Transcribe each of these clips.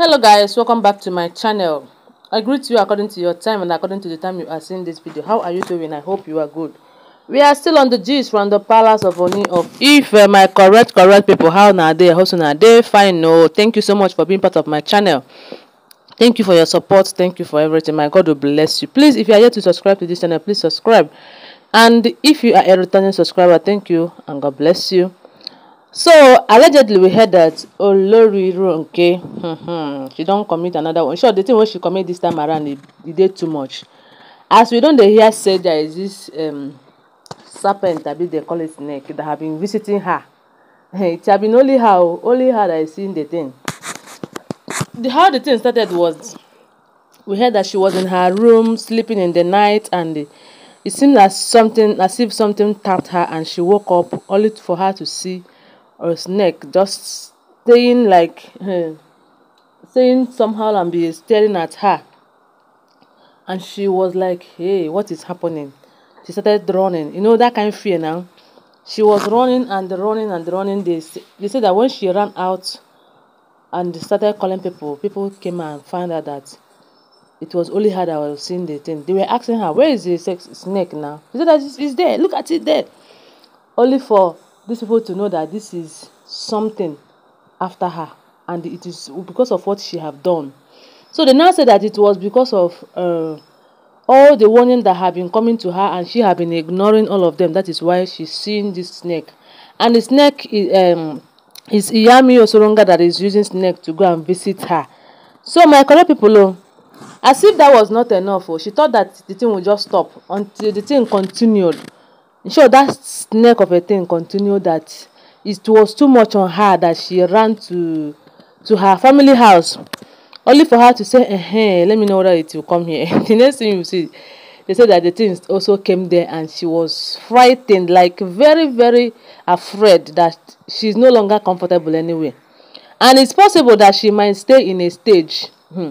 hello guys welcome back to my channel i greet you according to your time and according to the time you are seeing this video how are you doing i hope you are good we are still on the gist from the palace of oni of if uh, my correct correct people how now they also now they fine no thank you so much for being part of my channel thank you for your support thank you for everything my god will bless you please if you are yet to subscribe to this channel please subscribe and if you are a returning subscriber thank you and god bless you so allegedly we heard that Olori Ronke, hmm, she do she commit another one. Sure, the thing when she commit this time around e did too much. As we don't hear say there is this um, serpent abi they call it snake that have been visiting her. it have been only how only her that is seen the thing. The how the thing started was we heard that she was in her room sleeping in the night and. The, it seemed as something as if something tapped her and she woke up only for her to see or his neck, just staying like, uh, hmm, saying somehow and be staring at her. And she was like, hey, what is happening? She started running. You know, that kind of fear now. She was running and running and running. They, they said that when she ran out and started calling people, people came and found out that it was only her that was seeing the thing. They were asking her, where is the snake now? She said that it's there. Look at it there. Only for these people to know that this is something after her and it is because of what she have done. So they now say that it was because of uh, all the warning that had been coming to her and she had been ignoring all of them. That is why she's seeing this snake. And the snake is, um, is Iyami Osoronga that is using snake to go and visit her. So my correct people, oh, as if that was not enough, oh, she thought that the thing would just stop until the thing continued. In short, that snake of a thing continued that it was too much on her that she ran to to her family house only for her to say eh hey, let me know whether it will come here the next thing you see they say that the thing also came there and she was frightened like very very afraid that she's no longer comfortable anyway. and it's possible that she might stay in a stage hmm.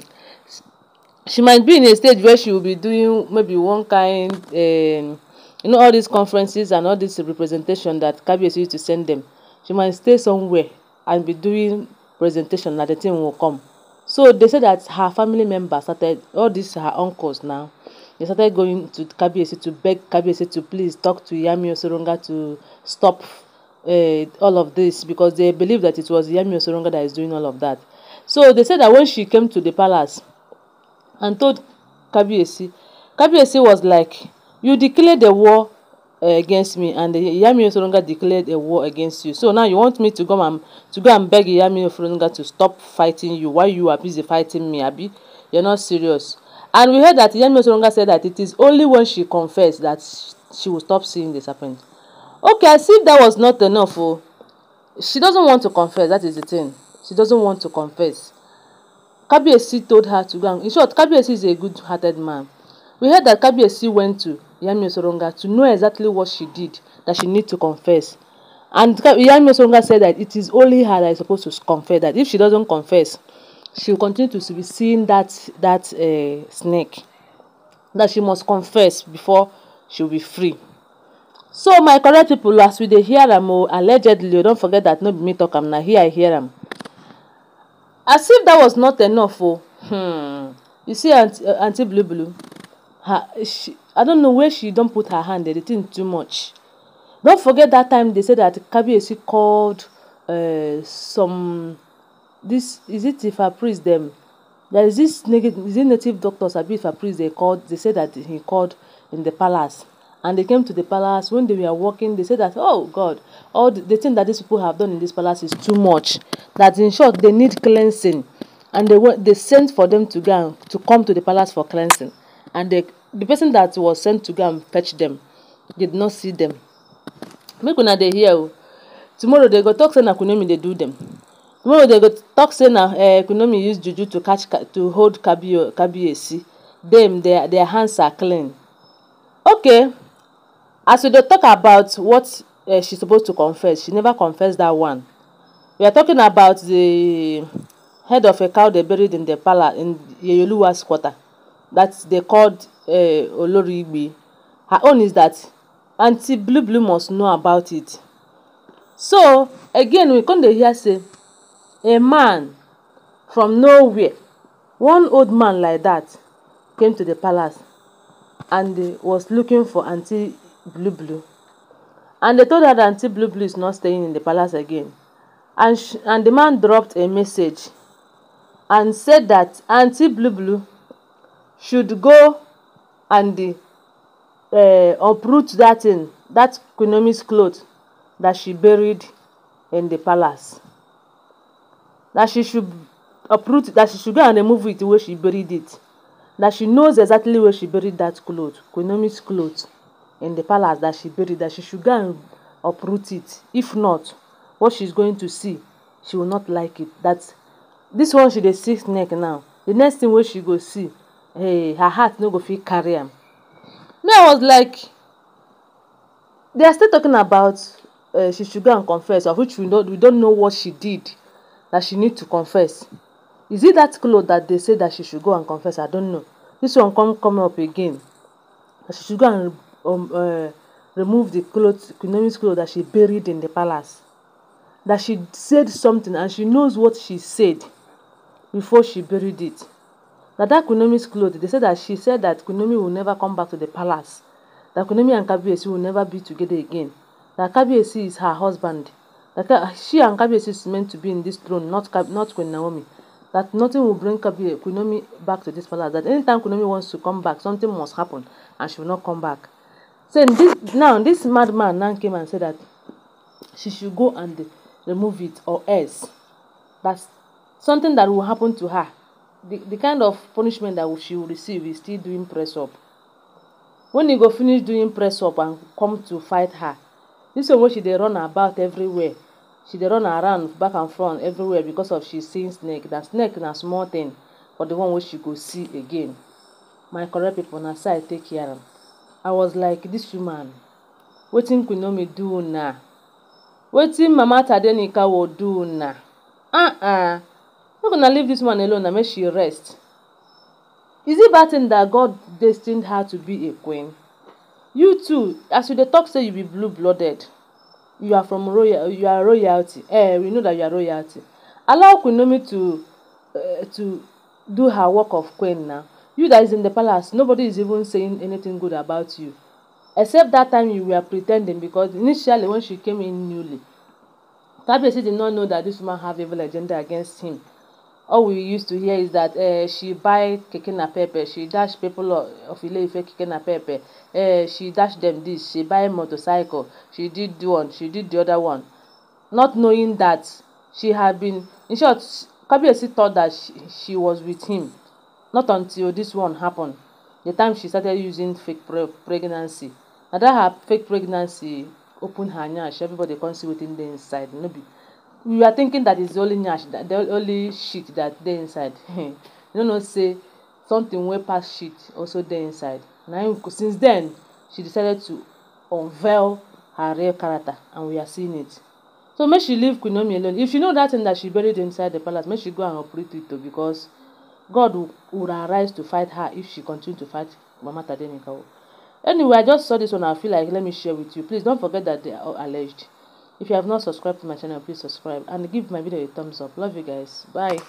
she might be in a stage where she will be doing maybe one kind um, You know all these conferences and all this representation that KBS used to send them. She might stay somewhere and be doing presentation and the team will come. So they said that her family members started, all these her uncles now, they started going to KBSC to beg KBSC to please talk to Yami Osoronga to stop uh, all of this because they believe that it was Yami Osoronga that is doing all of that. So they said that when she came to the palace and told KBSC, KBSC was like, you declared a war uh, against me and Yami Osoronga declared a war against you. So now you want me to go and to go and beg Yami Osoronga to stop fighting you while you are busy fighting me, Abi? You're not serious. And we heard that Yami Osoronga said that it is only when she confessed that she will stop seeing this happen. Okay, as if that was not enough. Oh. She doesn't want to confess, that is the thing. She doesn't want to confess. Kabiesi told her to go. In short, Kabiesi is a good-hearted man. We heard that Kabiesi went to Yemi to know exactly what she did, that she needs to confess. And Yemi said that it is only her that is supposed to confess, that if she doesn't confess, she will continue to be seeing that, that uh, snake, that she must confess before she will be free. So my correct people, as we hear them, oh, allegedly, oh, don't forget that no me talk am, now. here I hear them. As if that was not enough oh, hmm. You see Auntie Aunty Blue Blue, her she i don't know where she don't put her hand the thing too much don't forget that time they said that kabiyesi called uh, some this is it ifa praise them. there is this native is it native doctors ifa priest they called they said that he called in the palace and they came to the palace when they were walking they said that oh god all the, the thing that these people have done in this palace is too much that in short they need cleansing and they went they sent for them to go to come to the palace for cleansing and they the person that was sent to go and fetch them did not see them. make una dey hear o tomorrow they go talk say na kunomi dey do them. tomorrow they go talk say na uh, kunomi use juju to catch to hold kabio kabiyesi Them their their hands are clean okay as we dey talk about what uh, she suppose to confess she never confess that one we are talking about the head of a cow they buried in the palace in yeyoluwa's quarter that they called Olori eh, oloriigbe her own is that Auntie blue blue must know about it so again we come to hear say a man from nowhere one old man like that came to the palace and was looking for Auntie blue blue and they told her that Auntie blue blue is not staying in the palace again and and the man dropped a message and said that Auntie blue blue should go and um uproot that thing that economic cloth that she buried in the palace that she should uproot that she should go and remove it where she buried it that she knows exactly where she buried that cloth Kunomi's cloth in the palace that she buried that she should go and uproot it if not what she's going to see she will not like it that this one she dey sixth neck now the next thing where she go see hey her heart no go feel carry me i was like they are still talking about uh, she should go and confess of which we, don't, we don't know what she did that she need to confess is it that cloth that they say that she should go and confess i don't know this one come come up again that she should go and um, uh, remove the cloth Kunomi's cloth that she buried in the palace that she said something and she knows what she said before she buried it Dada Kunomi's clothes, they said that she said that Kunomi will never come back to the palace. That Kunomi and Kabiesi will never be together again. That Kabiesi is her husband. That she and Kabiesi is meant to be in this throne, not, not Queen Naomi. That nothing will bring Kabie, Kunomi back to this palace. That anytime Kunomi wants to come back, something must happen and she will not come back. So this, now this madman now came and said that she should go and remove it or else. That's something that will happen to her the, the kind of punishment that she will receive is still doing press up when he go finish doing press up and come to fight her this is wey she dey run about everywhere she dey run around back and front everywhere because of she seeing snake That snake na small thing for the one which she go see again my correct people na so i take care. i was like this woman wetin queen naomi do now? What wetin mama will do now? ah uh ah. -uh. gonna leave this one alone and make she rest is it bad thing that god destined her to be a queen you too as you the talk say you be blue blooded you are from royal you are royalty eh we know that you are royalty allow queen to uh, to do her work of queen now you that is in the palace nobody is even saying anything good about you except that time you were pretending because initially when she came in newly kabiyesi did not know that this woman have evil agenda against him all we used to hear is that uh, she buy keke pepper. she dash people of Ile-Ife keke pepper. uh, she dash them this she buy motorcycle she did one she did the other one not knowing that she had been in short Kabiyesi thought that she, she was with him not until this one happen the time she started using fake pre pregnancy na that her fake pregnancy open her nyash everybody come see wetin dey inside no be you are thinking that it's only nyash that the only shit that dey inside you no know say something wey pass shit also dey inside na him since then she decided to unveil her real character and we are seeing it so make she leave queen naomi alone if she know that thing that she buried inside the palace make she go and uproot it o because god would arise to fight her if she continue to fight mama tadenikawo anyway i just saw this one and i feel like let me share with you please don't forget that they are all alleged If you have not subscribed to my channel, please subscribe and give my video a thumbs up. Love you guys. Bye.